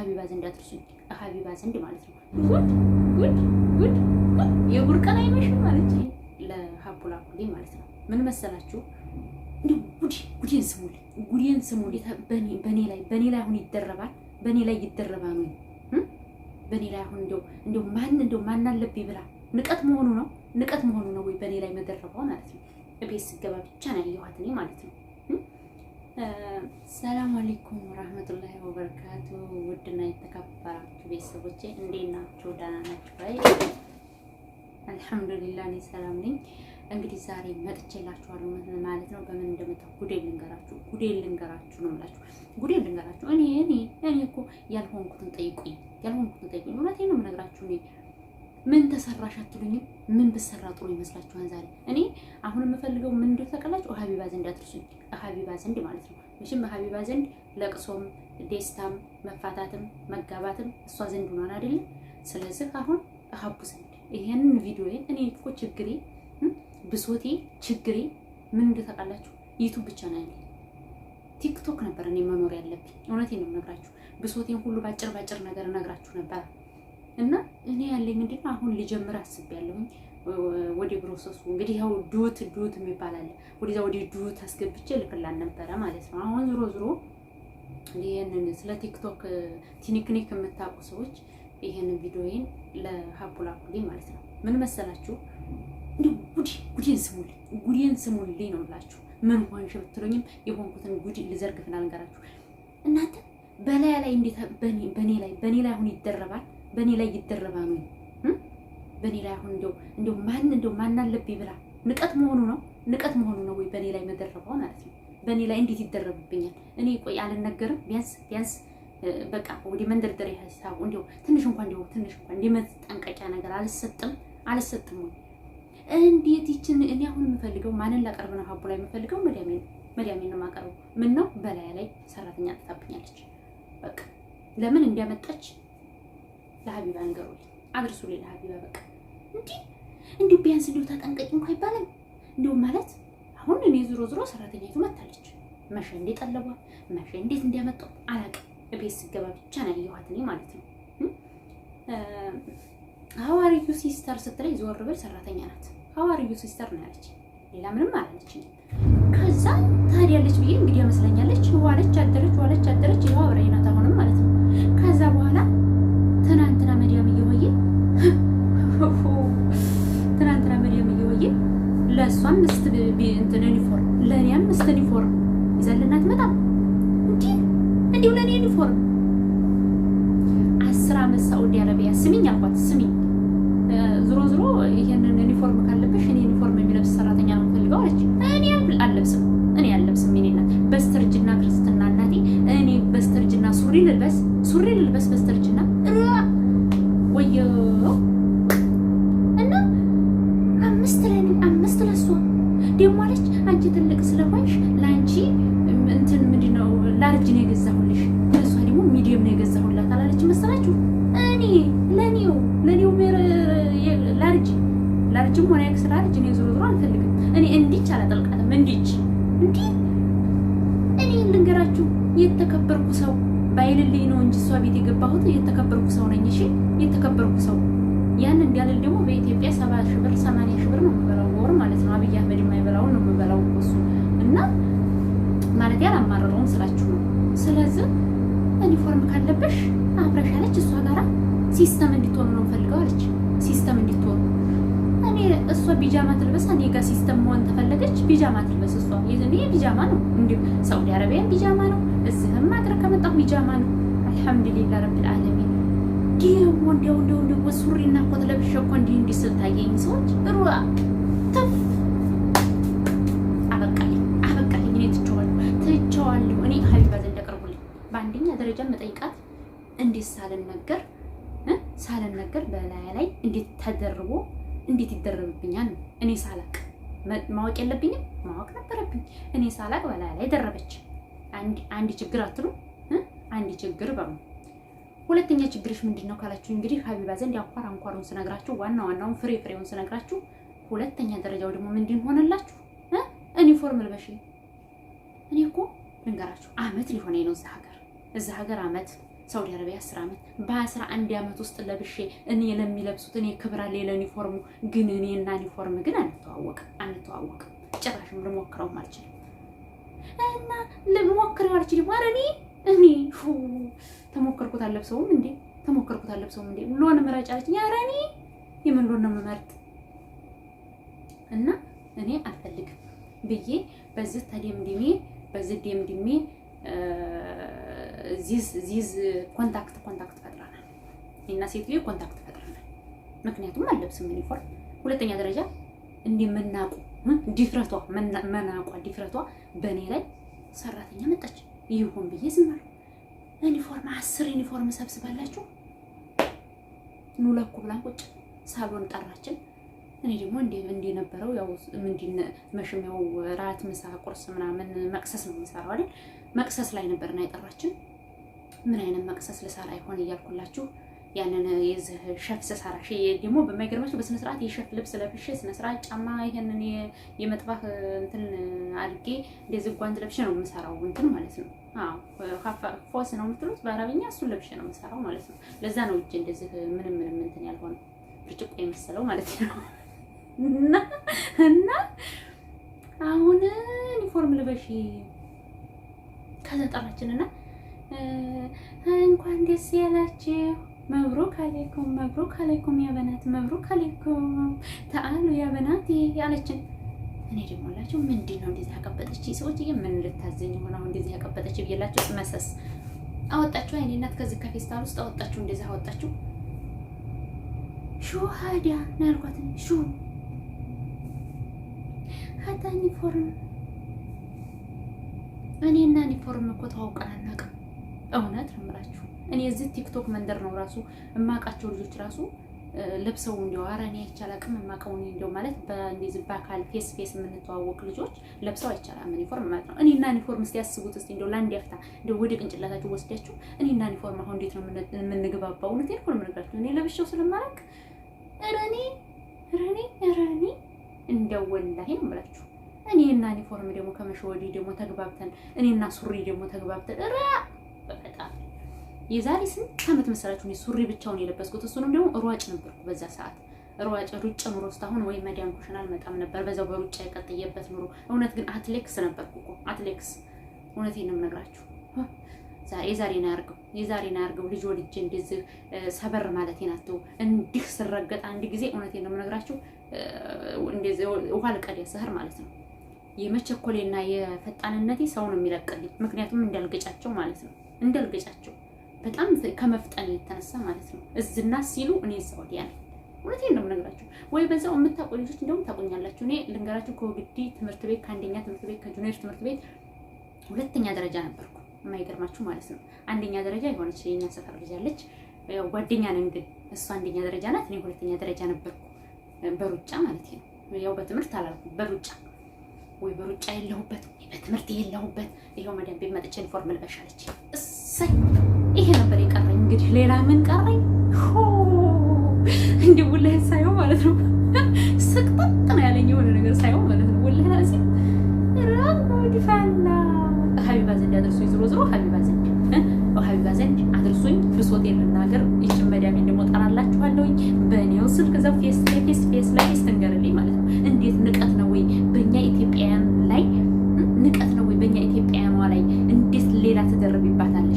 ሀቢባ ዘንድ አትርሱኝ። ሀቢባ ዘንድ ማለት ነው። ጉድ ጉድ ጉድ የጉድ ቀን አይመሽም ማለት ለሀቡላ ኩሌ ማለት ነው። ምን መሰላችሁ እንዲ ጉድ ጉዴን ስሙልኝ፣ ጉዴን ስሙልኝ። በእኔ ላይ በእኔ ላይ አሁን ይደረባል፣ በእኔ ላይ ይደረባ ነው በእኔ ላይ አሁን እንደው እንደው ማን እንደው ማን አለብኝ ብላ ንቀት መሆኑ ነው፣ ንቀት መሆኑ ነው ወይ በእኔ ላይ መደረባው ማለት ነው። እቤት ስገባ ብቻ ነው ያየኋት እኔ ማለት ነው። ሰላም አለይኩም ወራህመቱላሂ ወበረካቱ። ውድና የተከበራችሁ ቤተሰቦቼ እንዴት ናችሁ? ደህና ናችሁ ወይ? አልሐምዱሊላህ እኔ ሰላም ነኝ። እንግዲህ ዛሬ መጥቼላችኋለሁ ማለት ነው። በምን እንደመጣ ጉዴን ልንገራችሁ፣ ጉዴን ልንገራችሁ ነው የምላችሁ፣ ጉዴን ልንገራችሁ። እኔ እኔ እኔ እኮ ያልሆንኩትን ጠይቁኝ፣ ያልሆንኩትን ጠይቁኝ። እውነቴን ነው የምነግራችሁ እኔ ምን ተሰራሽ አትሉኝም? ምን ብሰራ ጥሩ ይመስላችኋል? ዛሬ እኔ አሁን የምፈልገው ምን እንደው ተቀላጭ ሀቢባ ዘንድ አትርሱኝ። ሀቢባ ዘንድ ማለት ነው። መቼም በሀቢባ ዘንድ ለቅሶም፣ ደስታም፣ መፋታትም፣ መጋባትም እሷ ዘንድ ሆኗል አይደለም። ስለዚህ አሁን ሀቡ ዘንድ ይሄንን ቪዲዮ እኔ እኮ ችግሬ ብሶቴ ችግሬ ምን እንደው ተቀላጭ ዩቱብ ብቻ ነው ያለኝ። ቲክቶክ ነበር እኔ መኖር ያለብኝ። እውነቴን ነው የምነግራችሁ። ብሶቴን ሁሉ ባጭር ባጭር ነገር እነግራችሁ ነበር። እና እኔ ያለኝ ምንድን ነው አሁን ልጀምር አስቤያለሁኝ። ወደ ፕሮሰሱ እንግዲህ ያው ዱት ዱት የሚባል አለ። ወደዛ ወደ ዱት አስገብቼ ልክላን ነበረ ማለት ነው። አሁን ዝሮ ዝሮ ይህንን ስለ ቲክቶክ ቲኒክኒክ የምታውቁ ሰዎች ይህን ቪዲዮዬን ለሀቡላኩልኝ ማለት ነው። ምን መሰላችሁ እንዲሁ ጉድ ጉዴን ስሙልኝ፣ ጉዴን ስሙልኝ ነው ብላችሁ ምን ሆንሽ ብትሉኝም የሆንኩትን ጉዲ ልዘርግፍና ልንገራችሁ እናንተ በላያ ላይ እንዴት በኔ ላይ በኔ ላይ አሁን ይደረባል በእኔ ላይ ይደረባ ነው። በእኔ ላይ አሁን እንደው እንደው ማን እንደው ማን አለብኝ ብላ ንቀት መሆኑ ነው ንቀት መሆኑ ነው ወይ በእኔ ላይ መደረባው ማለት ነው። በእኔ ላይ እንዴት ይደረብብኛል? እኔ ቆይ አልነገርም። ቢያንስ ቢያንስ በቃ ወደ መንደርደሪያ ሀሳቡ እንዲሁ ትንሽ እንኳን እንዲሁ ትንሽ እንኳን እንደ መጠንቀቂያ ነገር አልሰጥም አልሰጥም ወይ እንዴት ይችን እኔ አሁን የምፈልገው ማንን ላቀርብ ነው? ሀቡ ላይ የምፈልገው መዲያሜን መዲያሜን ነው የማቀርበው። ምን ነው በላይ ላይ ሰራተኛ ጥታብኛለች። በቃ ለምን እንዲያመጣች ለሀቢባ አድርሱ ላይ ለሀቢባ በቃ እንዲ እንዲ ቢያንስ እንዲሁ ተጠንቀቂ እንኳ ይባላል። እንዲሁም ማለት አሁን እኔ ዞሮ ዞሮ ሰራተኛቱ መታለች። መሸ እንዴት ጠለቧል፣ መሸ እንዴት እንዲያመጣው አላውቅም። ቤት ስገባ ብቻ ነው ያየኋት እኔ ማለት ነው። ሀዋሪዩ ሲስተር ስትለኝ ዞር ብል ሰራተኛ ናት። ሀዋሪዩ ሲስተር ነው ያለች፣ ሌላ ምንም አላለች። ከዛ ታዲያለች ብዬ እንግዲህ ያመስለኛለች። ዋለች አደረች፣ ዋለች አደረች፣ ይኸው አብረኝ ናት ዓመት ሳዑዲ አረቢያ ስሚኝ አልኳት። ስሚኝ ዝሮ ዝሮ ይሄንን ዩኒፎርም ካለብሽ እኔ ዩኒፎርም የሚለብስ ሰራተኛ ነው ፈልገው አለች። እኔ አለብስም እኔ አለብስም እኔ በስተርጅና ክርስትና እናቴ። እኔ በስተርጅና ሱሪ ልልበስ፣ ሱሪ ልልበስ በስተርጅና ወየ እና አምስት ላይ አምስት ለሷ ደግሞ አለች። አንቺ ትልቅ ስለሆንሽ ለአንቺ እንትን ምንድን ነው ላርጅ የገዛሁልሽ መሰላችሁ? እኔ ለኔው ለኔው ሜር ላርጅ ላርጅም ሆነ ያክስ ላርጅ እኔ ዞሮ ዞሮ አልፈልግም። እኔ እንዲች አላጠልቃትም። እንዲች እንዲህ እኔ ልንገራችሁ የተከበርኩ ሰው ባይልልኝ ነው እንጂ እሷ ቤት የገባሁት የተከበርኩ ሰው ነኝ። እሺ የተከበርኩ ሰው ያን እንዲያልል ደግሞ በኢትዮጵያ ሰባ ሺህ ብር ሰማንያ ሺህ ብር ነው የምበላው ወር ማለት ነው። አብይ አህመድ የማይበላውን ነው የምበላው እሱ እና ማለት ያላማረረውን ስላችሁ ነው። ስለዚህ ሪፎርም ካለብሽ አብረሽ አለች። እሷ ጋራ ሲስተም እንድትሆኑ ነው ፈልገው አለች። ሲስተም እንድትሆኑ እኔ እሷ ቢጃማ ትልበስ፣ እኔ ጋር ሲስተም መሆን ተፈለገች። ቢጃማ ትልበስ እሷ ይዘኔ ቢጃማ ነው እንዲ ሳውዲ አረቢያን ቢጃማ ነው፣ እዚህም አገር ከመጣሁ ቢጃማ ነው። አልሐምዱሊላ ረብል ዓለሚን። ደግሞ እንዲያው እንዲያው ሱሪና ኮት ለብሼ እኮ እንዲህ እንዲህ ስል ታየኝ ሰዎች ሩ ተፍ ደረጃ መጠይቃት እንዴት ሳልነገር ሳልነገር በላይ ላይ እንዴት ተደርቦ እንዴት ይደረብብኛል? እኔ ሳላቅ ማወቅ የለብኝም? ማወቅ ነበረብኝ። እኔ ሳላቅ በላይ ላይ ደረበች። አንድ ችግር አትሉ? አንድ ችግር በሉ። ሁለተኛ ችግርሽ ምንድን ነው ካላችሁ እንግዲህ ሀቢባ ዘንድ አንኳር አንኳሩን ስነግራችሁ፣ ዋና ዋናውን ፍሬ ፍሬውን ስነግራችሁ፣ ሁለተኛ ደረጃው ደግሞ ምንድን ሆነላችሁ? ዩኒፎርም ልበሽ። እኔ እኮ ልንገራችሁ አመት ሊሆነኝ ነው እዛ ሀገር እዚ ሀገር ዓመት ሳውዲ አረቢያ 10 ዓመት በ11 ዓመት ውስጥ ለብሼ እኔ ለሚለብሱት እኔ ክብር አለኝ ለዩኒፎርሙ፣ ግን እኔ እና ዩኒፎርም ግን አንተዋወቅም አንተዋወቅም። ጭራሽም ልሞክረውም አልችልም እና ልሞክረው አልችልም። ኧረ እኔ እኔ ተሞከርኩት አለብሰውም እንዴ ተሞከርኩት አለብሰውም እንዴ ሎን ምረጭ አለችኝ። ኧረ እኔ የምን ሎን ነው የምመርጥ? እና እኔ አልፈልግም ብዬ በዚህ ተደምድሜ በዚህ ደምድሜ ዚዝ ኮንታክት ኮንታክት ፈጥረናል። እና ሴትዮ ኮንታክት ፈጥረናል። ምክንያቱም አለብስም ዩኒፎርም። ሁለተኛ ደረጃ እንዲህ መናቁ ዲፍረቷ መናቋ ዲፍረቷ በእኔ ላይ ሰራተኛ መጣች። ይሁን ብዬ ዝም አልኩ። ዩኒፎርም አስር ዩኒፎርም ሰብስባላችሁ ኑ ለኩ ብላን ቁጭ ሳሎን ጠራችን። እኔ ደግሞ እንዲህ ነበረው ያው ምንድን መሽም ያው ራት፣ ምሳ፣ ቁርስ ምናምን መቅሰስ ነው የምሰራው አይደል? መቅሰስ ላይ ነበርና የጠራችን ምን አይነት መቅሰስ ልሰራ ይሆን እያልኩላችሁ ያንን የዚህ ሸፍ ስሰራ ደግሞ በማይገርማችሁ በስነስርዓት የሸፍ ልብስ ለብሼ ስነስርዓት ጫማ ይህንን የመጥባህ እንትን አድርጌ እንደዚህ ጓንት ለብሼ ነው የምሰራው። እንትን ማለት ነው። ፎስ ነው የምትሉት በአረብኛ። እሱን ለብሼ ነው የምሰራው ማለት ነው። ለዛ ነው እጅ እንደዚህ ምንም ምንም እንትን ያልሆነ ብርጭቆ የመሰለው ማለት ነው። እና እና አሁን ዩኒፎርም ልበሽ ከዛ ጠራችንና እንኳን ደስ ያላችሁ። መብሩክ አሌኩም፣ መብሩክ አሌኩም ያበናት፣ መብሩክ አሌኩም ተአሉ ያበናት ያለችን። እኔ ደግሞ ላቸው ምንድን ነው እንደዚህ ያቀበጠች ሰዎች ይ ምን ልታዘኝ ሆነ? አሁን እንደዚህ ያቀበጠች ብዬላቸው መሰስ አወጣችሁ። አይኔ እናት ከዚህ ከፌስታል ውስጥ አወጣችሁ፣ እንደዚህ አወጣችሁ። ሹ ሀዲያ ነው ያልኳት። ሹ ሀታ ዩኒፎርም እኔና ዩኒፎርም እኮ ተዋውቀን አናውቅም። እውነት ነው የምላችሁ። እኔ እዚህ ቲክቶክ መንደር ነው ራሱ የማውቃቸው ልጆች ራሱ ለብሰው እንዲያው ኧረ እኔ አይቻል አቅም የማውቀው እኔ እንዲያው ማለት በእንዲህ በአካል ፌስ ፌስ የምንተዋወቅ ልጆች ለብሰው አይቻልም ዩኒፎርም ማለት ነው። እኔና ዩኒፎርም እስቲ ያስቡት እስቲ እንዲያው ለአንድ ያፍታ እንዲያው ወደ ቅንጭላታችሁ ወስዳችሁ እኔና ዩኒፎርም አሁን እንዴት ነው የምንግባባው? እውነት ዩኒፎርም ነግራችሁ እኔ ለብሼው ስለማላውቅ ኧረ እኔ ኧረ እኔ ኧረ እኔ እንዲያው ወላሂ ነው የምላችሁ እኔና ዩኒፎርም ደግሞ ከመሸወዲ ደግሞ ተግባብተን እኔና ሱሪ ደግሞ ተግባብተን ራ የዛሬ ስንት ዓመት መሰላችሁ እኔ ሱሪ ብቻውን የለበስኩት። እሱንም ደግሞ ሯጭ ነበርኩ በዛ ሰዓት ሯጭ ሩጭ ኑሮ እስካሁን ወይ መዲያን ኩሽን አልመጣም ነበር። በዛው በሩጫ የቀጥየበት ኑሮ እውነት ግን አትሌክስ ነበርኩ እኮ አትሌክስ። እውነቴን ነው የምነግራችሁ። የዛሬን አያርገው የዛሬን አያርገው ልጅ ወልጄ እንደዚህ ሰበር ማለት አትተው። እንዲህ ስረገጥ አንድ ጊዜ እውነቴን ነው የምነግራችሁ ውሃ ልቀድ ያስህር ማለት ነው። የመቸኮሌና የፈጣንነቴ ሰውን የሚለቅልኝ ምክንያቱም እንዳልገጫቸው ማለት ነው እንዳልገጫቸው በጣም ከመፍጠን የተነሳ ማለት ነው። እዝና ሲሉ እኔ እዛ ወዲያ ነው። እውነቴን ነው የምነግራችሁ። ወይ በዛው የምታውቁ ልጆች እንደውም ታቆኛላችሁ። እኔ ልንገራችሁ፣ ከወግዲ ትምህርት ቤት ከአንደኛ ትምህርት ቤት ከጁኒየር ትምህርት ቤት ሁለተኛ ደረጃ ነበርኩ። የማይገርማችሁ ማለት ነው። አንደኛ ደረጃ የሆነች የኛ ሰፈር ልጅ አለች፣ ጓደኛ ነን፣ ግን እሷ አንደኛ ደረጃ ናት፣ እኔ ሁለተኛ ደረጃ ነበርኩ። በሩጫ ማለት ነው። ያው በትምህርት አላልኩ፣ በሩጫ ወይ በሩጫ የለሁበት፣ ወይ በትምህርት የለሁበት። ይኸው መድኃኒት ቤት መጥቼ ዩኒፎርም ልበሻለች እሰይ ይሄ ነበር የቀረኝ። እንግዲህ ሌላ ምን ቀረኝ? እንዲህ ውልህን ሳይሆን ማለት ነው ስቅጥጥ ነው ያለኝ የሆነ ነገር ሳይሆን ማለት ነው ውልህን ዚ ዲፋላ ሀቢባ ዘንድ አድርሶኝ ዝሮ ዝሮ ሀቢባ ዘንድ ሀቢባ ዘንድ አድርሶኝ ብሶት የምናገር ይች መዳሜን ደግሞ ጠራላችኋለሁኝ። በእኔው ስልክ ዘው ፌስ ፌስ ፌስ ላይ ፌስ ማለት ነው። እንዴት ንቀት ነው ወይ በእኛ ኢትዮጵያውያን ላይ ንቀት ነው ወይ በእኛ ኢትዮጵያውያኗ ላይ እንዴት ሌላ ትደርብባታል?